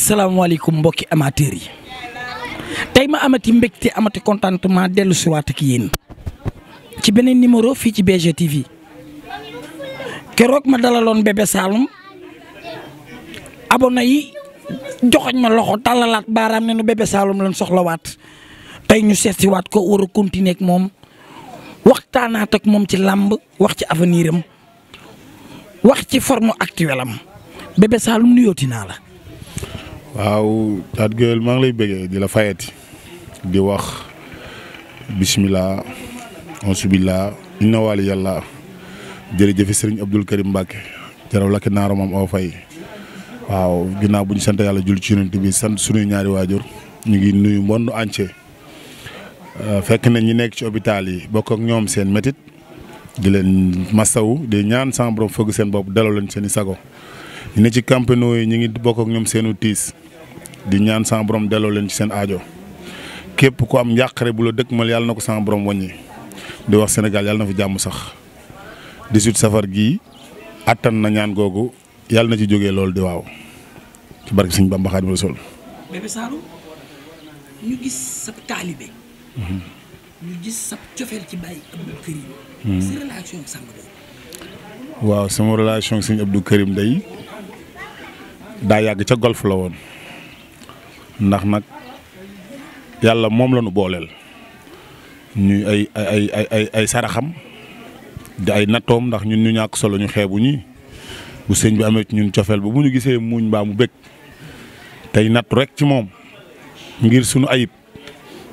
salaamaaleykum mbokki amateur yi tey ma amati mbégte amati contentement dellu si waat ak yéen ci beneen numéro fii ci BGTV keroog ma dalaloon Bébé Saloum abonné yi joxoñ ma loxo tàllalaat baaraam ne nu Bébé Saloum lañ soxlawaat tey ñu seet si waat ko war a ak moom waxtaanaat ak moom ci làmb wax ci avenir wax ci forme actuelle am Bébé Saloum nuyooti naa la. waaw Thiatou Guewel maa ngi lay bëggee di la fayati di wax bisimilah ansubillah inna wali yàlla jërëjëfe sëriñ Abdul Karim Mbacke jaraw lakki naara moom oo fay waaw ginnaaw bu ñu sant yàlla jul ci yonent bi sant suñuy ñaari waajur ñu ngi nuyu monde entier euh, fekk na ñi nekk ci hôpital yi bokk ak ñoom seen métit di leen masawu di ñaan sama borom seen bopp dalal leen seen i sago ñu ne ci campagnes yi ñu ngi bokk ak ñoom seenu tiis di ñaan sama delloo leen ci seen aajo képp ku am njàqare bu la dëkkmal yàlla na ko sama borom wàññi di wax senegal yàlla na fi jàmm sax di 18 safar gi àttan na ñaan googu yàlla na ci jógee loolu di waaw ci barke Sëñ Bamba Xaadimu Rasuul Bébé mhm. mhm. waaw sama relation ak Sëñ Abdou Karim day daa yàgg ca golf la woon ndax nag yàlla moom la ñu booleel ñuy ay ay ay ay saraxam di ay nattoom ndax ñun ñu ñàkk solo ñu xeebu ñi bu sëñ bi amee ci ñun cofeel ba bu ñu gisee muñ mbaam mu bëgg tey nattu rek ci moom ngir sunu ayib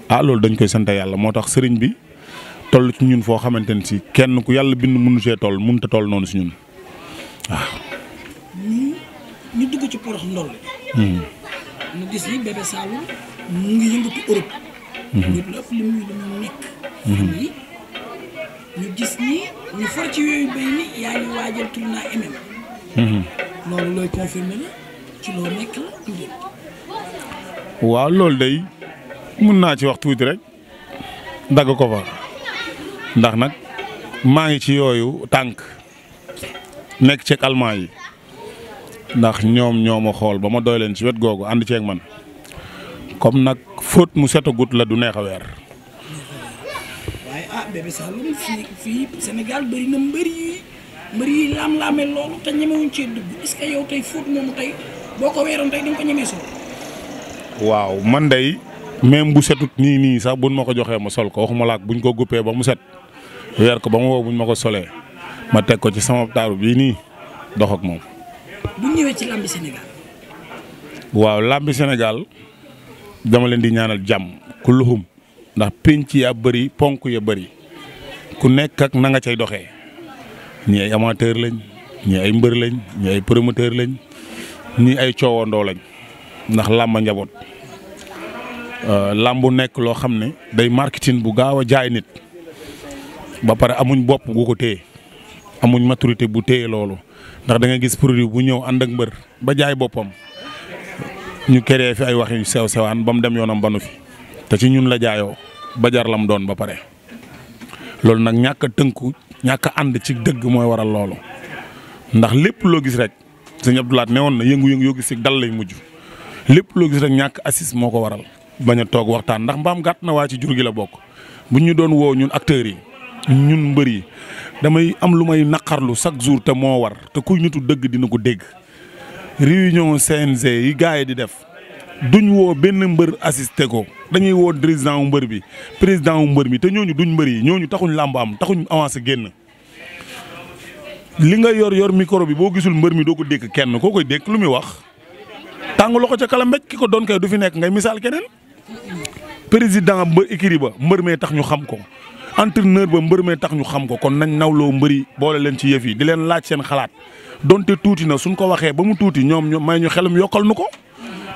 ah loolu dañ koy sant yàlla moo tax sëriñ bi tollu ci ñun foo xamante ne si kenn ku yàlla bind mënu see toll mënut a toll noonu si ñun ñu dugg ñu gis ni Bébé Saloum mu ngi yëngatu Europe. Mhm. li muy li mu nekk. fan mhm. gis ni ñu for ci yooyu béy ni yaa ngi waajal tournoi MMA. Mhm. loolu looy confirmer waaw loolu day mun naa ci wax tuuti rek dagg ko fa ndax nag maa ngi ci yooyu tànk nekk ceeg almaa yi. ndax ñoom ñoo ma xool ba ma doy leen ci wet googu ànd ceeg man comme nag fóot mu setagut la du neex a weer. waaye ah, waaw man day même bu setut nii nii sax bu buñ ma ko joxee ma sol ko waxuma laak buñ ko guppee ba mu set weer ko ba mu wow buñ ma ko solee ma teg ko ci sama taaru bii nii dox ak moom. bu ñëwee ci làmbi Sénégal. waaw làmbi Sénégal dama leen di ñaanal jàmm ku luxum ndax pénc ya bëri ponk ya bari ku nekk ak na nga cay doxee ñi ay amateur lañ ñi ay mbër lañ ñi ay promoteur lañ ñi ay coowandoo lañ ndax làmb njaboot. Euh, làmb làmbu nekk loo xam ne day marketing bu gaaw a jaay nit ba pare amuñ bopp gu ko téye amuñ maturité bu téye loolu ndax da nga gis produit bu ñëw ànd ak mbër ba jaay boppam ñu créé fi ay wax yu sew sewaan ba mu dem yoonam ba nu fi te ci ñun la jaayoo ba jar la mu doon ba pare loolu nag ñàkk tënku ñàkk ànd ci dëgg mooy waral loolu ndax lépp loo gis rek sëñ Abdoulaat ne woon na yëngu-yëngu yoo gis si dal lay mujj lépp loo gis rek ñàkk assise moo ko waral bañ a toog waxtaan ndax mbaam gàtt na waa ci jur gi la bokk bu ñu doon woo ñun acteurs yi ñun mbër yi damay am lu may naqarlu chaque jour te moo war te kuy nitu dëgg dina ko dégg réunion CNG yi gars yi di def duñ woo benn mbër assisté ko dañuy woo président u mbër bi président mbër bi te ñooñu duñ mbër yi ñooñu taxuñ làmb am taxuñ avancé génn li nga yor yor micro bi boo gisul mbër mi doo ko dékk kenn koo koy dékk lu muy wax tàng loxo ca kala mbéj ki ko doon kay du fi nekk ngay misaal keneen président ba écurie ba mbër mee tax ñu xam ko entraîneur ba mbër mee tax ñu xam ko kon nañ nawloo mbëri boole leen ci yëf yi di leen laaj seen xalaat donte tuuti na suñ ko waxee ba mu tuuti ñoom ñoom may ñu xelum yokkal nu ko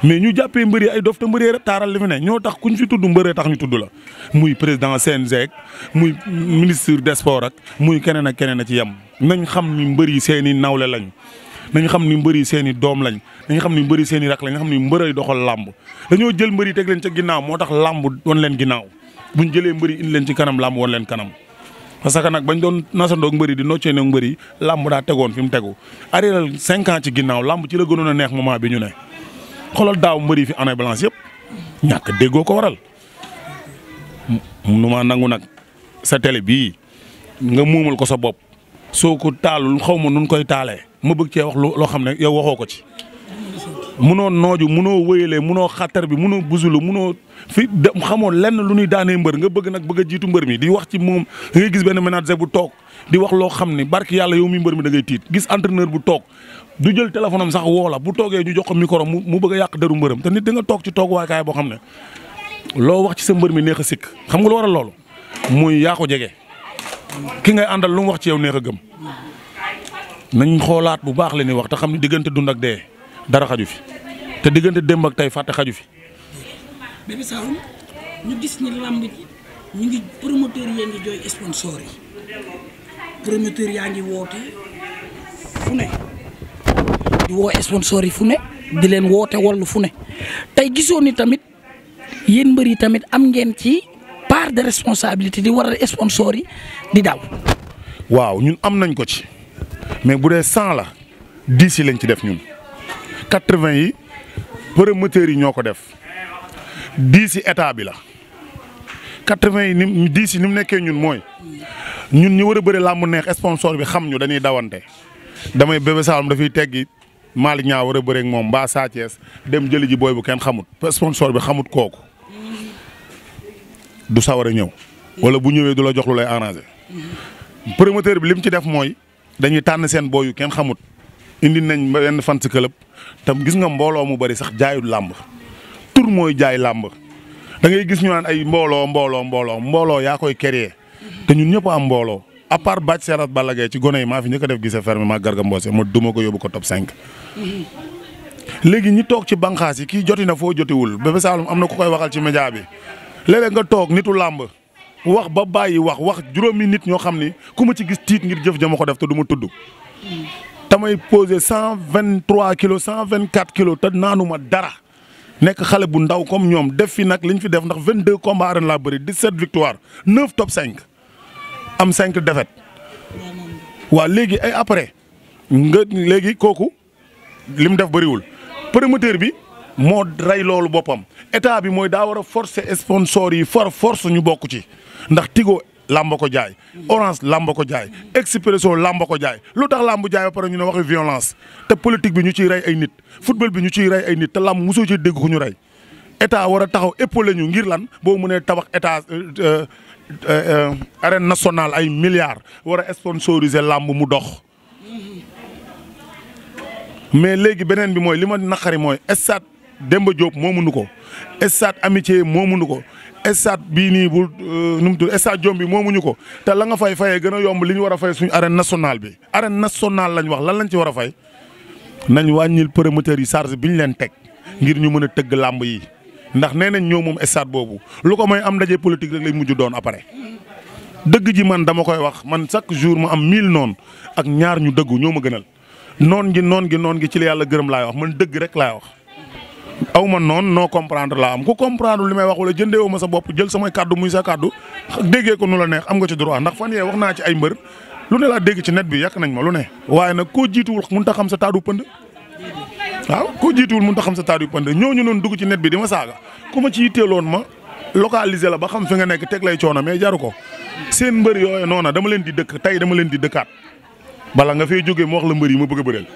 mais ñu jàppee mbëri ay dof te mbëri taaral li fi ne ñoo tax kuñ fi tudd mbëree tax ñu tudd la muy président CNG muy ministre des sports ak muy keneen keneen a ci yem nañ xam ni mbëri seen i nawle lañ nañ xam ni mbëri seen i doom lañ nañ xam ni mbëri seen i rak lañ nga xam ni mbëray doxal làmb dañoo jël mbëri teg leen ca ginnaaw moo tax làmb doon leen ginnaaw buñ jëlee mbëri indi leen ci kanam làmb woon leen kanam parce que nag bañ doon nasandoog mbëri di noccee noog mbëri làmb daa tegoon fi mu tegu arrière cinq ans ci ginnaaw làmb ci la gënoon a neex moment bi ñu ne xoolal daaw mbëri fi année balance yëpp ñàkk déggoo ko waral nu maa nangu nag sa tele bii nga muumal ko sa bopp soo ko taalul xaw ma nun koy taalee ma bëgg cee wax loo xam ne yow waxoo ko ci munoo nooju munoo wëyalee munoo xattar bi munoo busulu munoo fi de xamoo lenn lu ñuy daanee mbër nga bëgg nag bëgg a jiitu mbër mi di wax ci moom da ngay gis benn ménager bu toog di wax loo xam ne barki yàlla yow mi mbër mi da ngay tiit gis entraîneur bu toog du jël téléphone sax woola bu toogee ñu jox ko micro mu mu bëgg a yàq dëru mbërëm te nit da nga toog ci toog waakaay boo xam ne loo wax ci sa mbër mi neex a sikk xam nga lu waral loolu muy yaa ko jege ki ngay àndal lu mu wax ci yow neex a gëm nañ xoolaat bu baax la ñuy wax te xam ne diggante dund ak dee dara xaju fi te diggante démb ak tey fàtte xaju fi. Bébé ñu gis ni làmb ji ñu ngi promoteur yaa ngi jooy sponsor yi yaa ngi woote fu ne di woo sponsor yi fu di leen woote wallu fu ne tey gisoo ni tamit yéen mbër yi tamit am ngeen ci part de responsabilité di waral sponsor yi di daw. waaw ñun am nañ ko ci mais bu dee cent la dix yi lañ ci def ñun quatre-vingt yi. promoteurs yi ñoo ko def dii si état bi la quatre-vingt yi ni dii si ni mu nekkee ñun mooy ñun ñu war a bëri làmb neex sponsor bi xam ñu dañuy dawante damay Bébé Saloum dafay teggi Malick Niang war a bëri moom mbaa Sa dem jëli ji booy bu kenn xamut sponsor bi xamut kooku du sawar a ñëw wala bu ñëwee du la jox lu lay arrangé promoteur bi li mu ci def mooy dañuy tànn seen booy yu kenn xamut indi nañ benn fans club tam gis nga mbooloo mu bari sax jaayul làmb tur mooy jaay làmb da ngay gis ñu naan ay mbooloo mbooloo mbooloo mbooloo yaa koy créer te ñun ñëpp am mbooloo à part bàcc Balla Gaye ci gone yi maa fi njëkk a def gisee ferme maa Garga Mbossé ma duma ko yóbbu ko top 5. léegi ñi toog ci banqaas yi kii joti na foo jotiwul Bébé Saloum am na ku koy waxal ci média bi léeg nga toog nitu làmb wax ba bàyyi wax wax juróomi nit ñoo xam ni ku ma ci gis tiit ngir jëf jama ko def du ma tudd. damay posé cent vingt trois kilos cent vingt quatre kilos te naanuma dara nekk xale bu ndaw comme ñoom def fi nag li ñu fi def ndax vingt deux combats ren laa bëri dix sept victoire neuf top cinq am cinq défaites waa léegi ay après nga léegi kooku li mu def bëriwul promoteur bi moo rey loolu boppam état bi mooy daa war a forcer sponsor yi far force ñu bokk ci ndax Tigo làmb ko jaay orange làmb ko jaay expresso làmb ko jaay lu tax làmb jaay ba pare ñu ne waxi violence te politique bi ñu ciy rey ay nit football bi ñu ciy rey ay nit te làmb soo ci dégg ku ñu rey état war a taxaw épaulé ñu ngir lan boo mënee tabax état euh, euh, euh, arène nationale ay milliards war a sponsoriser làmb mu dox mais léegi beneen bi mooy li ma naqari mooy stade Demba Diop moomuñu ko stade amitié moomuñu ko stade bii nii bu euh, nu mu tudd stade Jom bi moomuñu ko te la nga fay fayee gën a yomb li ñu war a fay suñu arène national bi. arène national lañ wax lan lañ ci war a fay nañu wàññil promoteurs yi charge bi ñu leen teg ngir ñu mën a tëgg làmb yi ndax nee nañ ñoo moom stade boobu lu ko mooy am ndaje politique rek lay mujj doon après. dëgg ji man dama koy wax man chaque jour mu am mille noon ak ñaar ñu dëggu ñoo ma gënal noon gi noon gi noon gi ci la yàlla gërëm laay wax man dëgg rek laay wax. aw ma noonu noo comprendre laa am ku comprendre lu may wax wala jëndee woo ma sa bopp jël samay kàddu muy sa kàddu déggee ko nu la neex am nga ci droit ndax fan yee wax naa ci ay mbër lu ne laa dégg ci net bi yàq nañ ma lu ne. waaye nag ko jiituwul mun ta xam sa taadu pënd waaw koo jiituwul mënut a xam sa taadu pënd ñooñu noon dugg ci net bi di ma saaga ku ma ci yitteeloon ma localiser la ba xam fi nga nekk teg lay coono mais jaru ko seen mbër yooyu noona dama leen di dëkk tey dama leen di dëkkaat bala nga fay jógee mu wax la mbër yi ma bëgg a bëreel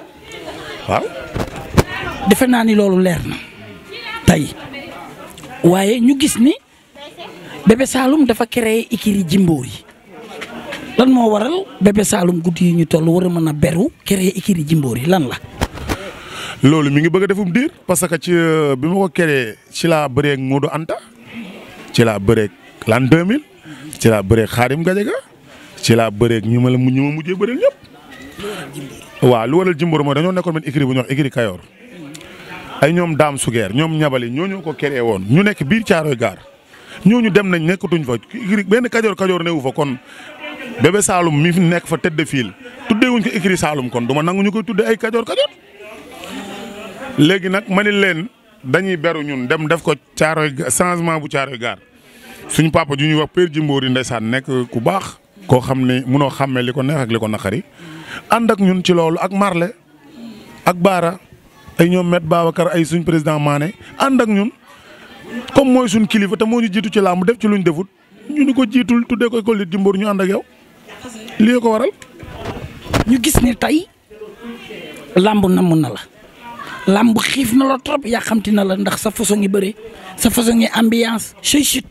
waaw. naa ni loolu leer tey waaye ñu gis ni Bébé Saloum dafa créé ikiri jimboor yi lan moo waral Bébé Saloum guddi yi ñu toll war a mën a beru créé ikiri jimboor yi lan la. loolu mu ngi bëgg a defum diir parce que ci euh, bi ma ko créé ci laa bëreeg Modou Anta ci laa bëreeg l'an 2000 ci laa bëreeg Khadim Gadiaga ci laa bëreeg ñi ma la ñu ma mujjee bëreel ñëpp. waaw lu waral jimboor mooy dañoo nekkoon benn ikiri bu ñuy wax ikiri Kayor. ay ñoom daam sugeer ñoom ñabali ñoo ñoo ko créé woon ñu nekk biir caaroy gaar ñooñu dem nañ nekkatuñ fa benn kajoor kajoor newu fa kon bébé saalum mi fi nekk fa tëdd fiil tuddee wuñ ko écrit saalum kon duma nangu ñu koy tudde ay kajoor kajoor léegi nag ma ni leen dañuy beru ñun dem def ko caaroy changement bu caaroy gaar suñu papa ju ñuy wax Père Jimboor yi saan nekk ku baax koo xam ne munoo xàmmee li ko neex ak li ko naqari ànd ak ñun ci loolu ak Marle ak Baara ay ñoom met Babacar ay suñ président Mané ànd ak ñun comme mooy suñ kilifa te moo ñu jiitu ci làmb def ci lu ñu defut ñu ni ko jiitul tuddee ko école di Mbour ñu ànd ak yow lii ko waral. ñu gis ni tey làmb namm na la làmb xiif na la trop yaa xamti na la ndax sa façon ngi bëre sa façon ngi ambiance chute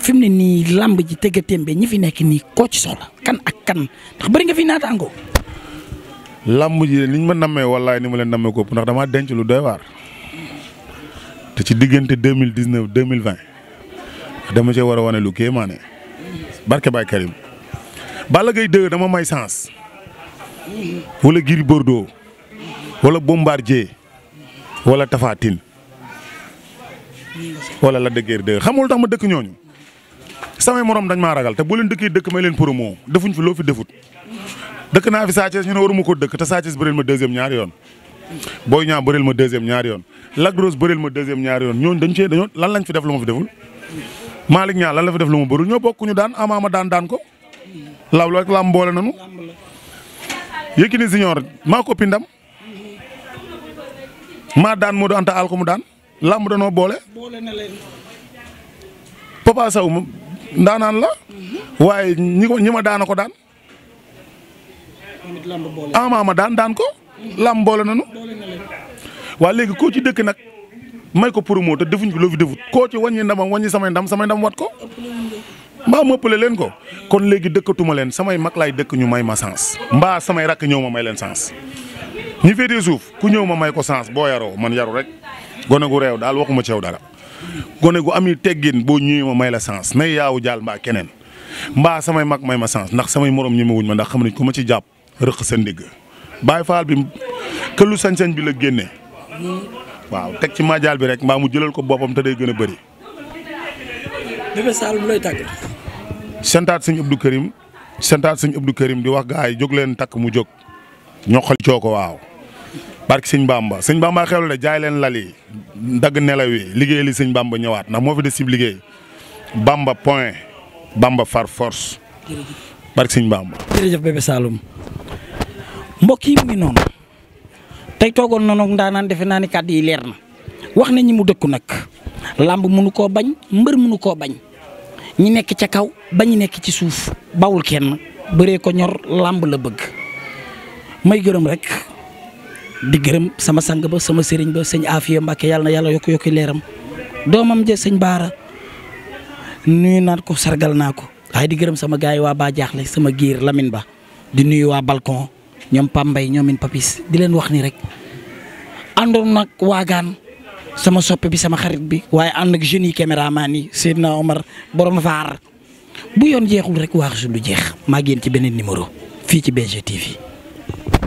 fi mu ne nii làmb ji tëggatémbe ñi fi nekk nii koo ci soxla kan ak kan ndax bëri nga fi angoo làmb ji liñ ma nammee wallaay ni ma leen nammee ko ndax damaa denc lu doy waar te ci diggante deux mille dix neuf deux mille vingt dama cee war a wane lu kéemaane barke Baye Karim Balla Gaye 2 dama may sens wala Gris Bordeaux wala Bombardier wala Tapha Tine wala Lac de Guiers 2 xamul tax ma dëkk ñooñu samay morom dañ maa ragal te boo leen dëkkee dëkk may leen moo defuñ fi loo fi defut dëkk naa fi Sa Thiès ñu ne waruma ko dëkk te Sa bëreel ma deuxième ñaari yoon Boy Niang bëreel ma deuxième ñaari yoon Lac Rose bëreel ma deuxième ñaari yoon ñooñu dañ cee ñoo lan lañ fi def lu ma fi deful Malick Niang lan la fi def lu ma bërul ñoo bokkuñu daan amaama daan daan ko law rek laam boole nanu Yékini Junior maa ko pindam maa daan Modou Anta Al daan làmb danoo boole Papa Sow ndaanaan la mhm. waaye ñi ko ñi ma daana ko daan ama ma daan daan ko lamb boole nañu waa léegi koo ci dëkk nag may ko pour moo te defuñ ko loo fi defut koo ci wàññi ndamam wàññi samay ndam samay ndam wat ko mbaa mëppale leen ko kon léegi dëkkatuma leen samay mag laay dëkk ñu may ma sens mbaa samay rakk ñëw ma may leen sens ñi féetee suuf ku ñëw ma may ko sens boo yaroo man yaru rek gone gu réew daal waxuma ci yow dara gone gu ami teggin boo ñëwee ma may la sens nay yaawu jaal mbaa keneen mbaa samay mag ma sens ndax samay morom ñemewuñ ma ndax xam nañ ko ma ci jàpp rëq sa ndigg Baay Faal bi këllu sañ-sañ bi la génne waaw teg ci majaal bi rek mbaa mu jëlal ko boppam te day gën a bëri. Bébé Saloum lay tàgg. santaat sëñ Abdou Karim santaat sëñ Abdou Karim di wax gaa yi jóg leen takk mu jóg ñoqal coo ko waaw. barki sëñ Bamba sëñ Bamba xewle de jaay leen lal yi dagg nelaw yi liggéey li sëñ Bamba ñëwaat ndax moo fi des ci liggéey Bamba point Bamba far force. barki sëñ Bamba. jërëjëf Bébé Saloum. mbokk yi mu ngi noonu tey toogoon na nag ndaanaan defe naa ni kàddu yi leer na wax na ñi mu dëkku nag làmb mënu koo bañ mbër mënu koo bañ ñi nekk ca kaw ba ñu nekk ci suuf bawul kenn bëree ko ñor làmb la bëgg may gërëm rek di gërëm sama sang ba sama sëriñ ba sëñ Afiya Mbàkke yàlla na yàlla yokk yokku leeram doomam ja sëñ Baara nuyu naat ko sergal naa ko waaye di gërëm sama gaay waa Ba jaaxle sama giir Lamine Ba di nuyu waa balcon ñoom Pambay ñoomin Papis di leen wax ni rek àndoon nag waagaan sama soppe bi sama xarit bi waaye ànd ak jeunes yi caméraman yi Seydina Omar borom faar bu yoon jeexul rek waax su lu jeex maa génn ci beneen numéro fii ci BGTV.